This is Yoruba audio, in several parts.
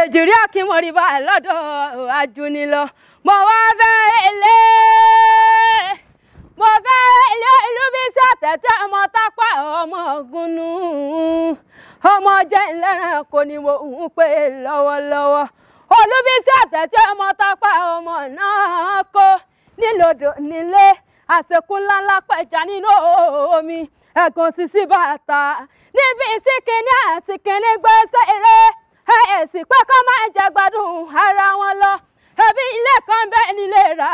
èjìrí ọ̀kí e mo rí báyìí lọ́dọ̀ àjùní lọ mọ wá fẹ́rẹ̀ lé mo fẹ́rẹ̀ lé ìlú bí sàtẹ̀tẹ̀ ọmọ tápá ọmọ ògúnnú ọmọ jẹ́ ńlẹ́rìn kò ní mo ń pè lọ́wọ́lọ́wọ́ olúbísí àtẹ̀tẹ̀ ọmọ tápá ọmọ náà kó nílòdò nílé àsìkò ńláńlá pẹ̀já nínú omi ẹ̀gùn sísí bàtà níbi tí kìnní àti kìnní gbé sẹ́rẹ́. ẹ ẹ̀ sì pé kọ́ máa jẹgbádùn ara wọn lọ ẹbí ilé kan bẹ́ẹ̀ nílé rà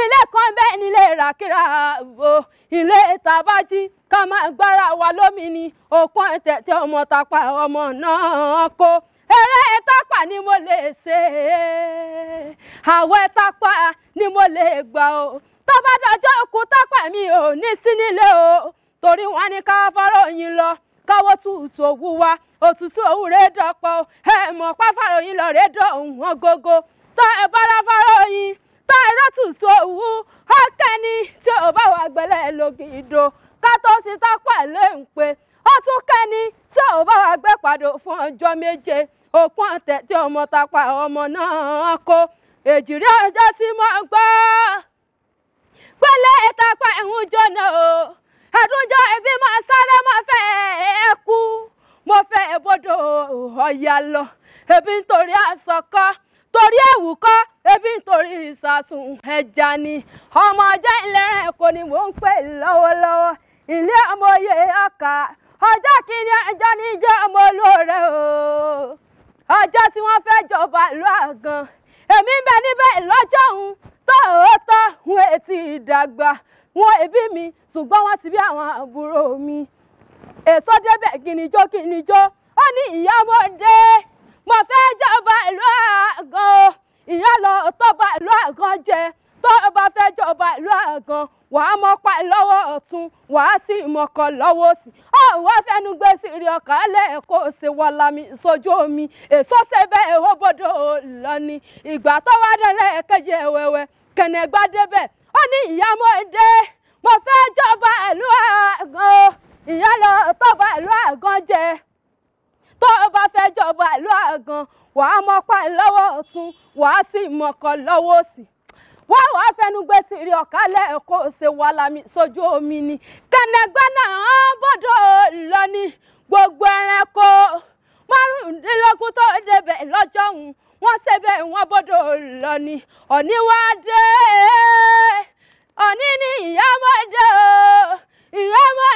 ilé kan bẹ́ẹ̀ nílé rà kíra o ilé tàbájí ká máa gbára wa lómi ni òkun tẹ̀tẹ̀ ọmọ tapa ọmọ náà kó eré ẹ̀tàpá ni mo lè ṣe àwọ̀ ẹ̀tàpá ni mo lè gbà o tó bá dọjọ́ òkú tápá mi ò ní sí nílé o torí wọn ni ká fọ́rọ̀ yín lọ káwọ́ tútù òwú wa òtútù òwú rẹ̀ dọ̀pọ̀ ẹ mọ̀ páfàròyìn lọ rẹ̀ dọ̀ òun wọn gógó tọ́ ẹ bára fáròyìn tọ́ ẹ rọ́tùtù òwú ọ̀kẹ́ni tí ò bá wà gbẹ́lẹ̀ lógi ìdò ká tó ti tápọ̀ ẹ̀ lé ń pe ó tún kẹ́ni tí ò bá wà gbẹ́ pàdé fún ọjọ́ méje òkun ọ̀tẹ̀ tí ọmọ tapa ọmọ náà kó èjìrí ọjọ́ tí mo gbọ́ pẹ́lẹ́ ìtapa ẹ̀hún jóná o ẹ̀dúnjọ́ ìbímọ sáré mọ́fẹ́ ẹ̀ ọ̀yà lọ ebi nítorí àsọkọ́ torí ẹ̀wù ebi nítorí ìsàsùn ẹja ni ọmọ ọjọ́ ìlera èkó ni mò ń pè lọ́wọ́lọ́wọ́ ilé ọmọ oyè ọkà ọjọ́ kìíní ẹjọ́ ní jẹ́ ọmọ olóore o ọjọ́ tí wọ́n fẹ́ jọba ìlú àgàn èmi ń bẹ níbẹ̀ lọ́jọ́ òun tó òótọ́ wọn ètí ìdàgbà wọn ẹbí mi ṣùgbọ́n wọ́n ti bí àwọn àbúrò mi èso débẹ̀ kìnìjó kìnìjó ó ní ìyá mo dé mo fẹ́ jọba ìlú àgàn ìyá lọ tó bá ìlú àgàn jẹ tó bá fẹ́ jọba ìlú àgàn wàá mọ́pá lọ́wọ́ ọ̀tún wàá sí ìmọ̀kàn lọ́wọ́ sí ọ̀wọ́ fẹ́nu gbé sírí ọkà lẹ́ẹ̀kọ́ ṣe wọ lami ìsojú omi èso ṣe bẹ́ẹ̀ ó bọ́dọ̀ lọ́ni ìgbà tó wá dán lẹ́ẹ̀kejì ẹ̀wẹ̀wẹ̀ kẹ̀nẹ̀gbá débẹ̀ ó ní ìyá mo dé mo fẹ́ jọba ìlú àgàn ìyá lọ tó ìlú àgàn jẹ jọba ìlú àgàn wà á mọ́pá lọ́wọ́ ọ̀tún wà á sì mọ̀kọ́ lọ́wọ́ òsì wọ́n wàá fẹnu gbé tìrì ọ̀kálẹ̀ ẹ̀kọ́ ṣe wà lámì sójú omi ni kẹnẹgbẹ́ náà bọ́dọ̀ lọ ní gbogbo ẹranko márùndínlógún tó débẹ̀ lọ́jọ́ òun wọ́n ṣẹbẹ̀ wọ́n bọ́dọ̀ lọ ní òní òní ní ìyá mọ́dé ìyá mọ́dé.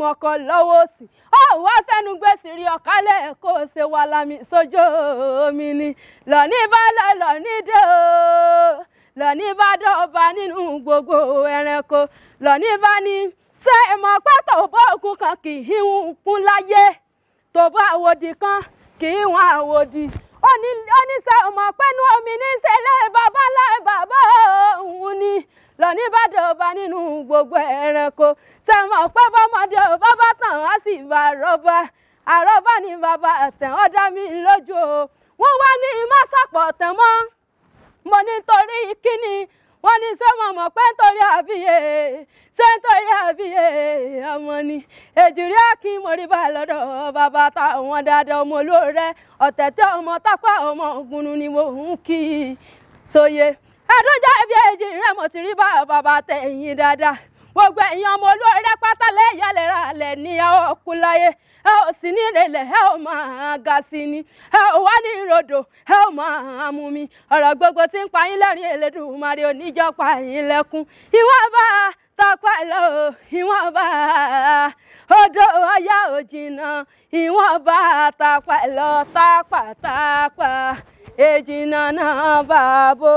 mọ̀kọ́ lọ́wọ́ òsì ó wá fẹ́nu gbèsè rí ọ̀kálẹ̀ kó o ṣe wà lámì sójú omi ni lọ́ní bá lọ lọ́ní dé o lọ́ní bá dọ̀ọ̀bá nínú gbogbo ẹranko lọ́ní bá ní ṣé ìmọ̀ pátó bóògùn kan kì í hun kún láyé tó bá àwòdì kan kì í hun àwòdì oníṣẹ́ ọmọ pẹ́nu omi ní ṣẹlẹ̀ bàbá láì bàbá òun ni lọ́ní bá dọ̀ọ̀bá nínú gbogbo ẹranko sì bá rọ́bà àrọ́bà ni bàbá ẹ̀tẹ̀ ọ́ mi lójú o wọ́n wá ní mọ́sàpọ̀ tẹ̀ mọ́ mo ní torí kíni wọ́n ní ṣé mo mọ̀ pé nítorí àbíyè ṣé nítorí àbíyè ọmọ ni èjìrí àkín mórí bá lọ́dọ̀ bàbá táwọn dáadáa ọmọ olóore ọ̀tẹ̀ tí ọmọ tápá ọmọ ògùnnù ni mo ń kí i sóye ẹ̀dọ́jà ẹbí èjì rẹ̀ mo ti rí bá bàbá tẹ̀yìn dáadáa gbogbo ẹ̀yin ọmọ olóore pátá lẹ́yà lẹ́ra lẹ̀ ní ọkùn láyé ẹ ò sì ní ìrẹ̀lẹ̀ ẹ ò máa ga sí ni ẹ ò wá ní ìrodò ẹ ò máa mú mi ọ̀rọ̀ gbogbo tí ń pa yín lẹ́rìn Elédùmarè yín lẹ́kún ìwọ́n bá tọpẹ́ lọ ìwọ́n bá odò ọyá òjìnà ìwọ́n bá tọpẹ́ lọ tápàtápà bá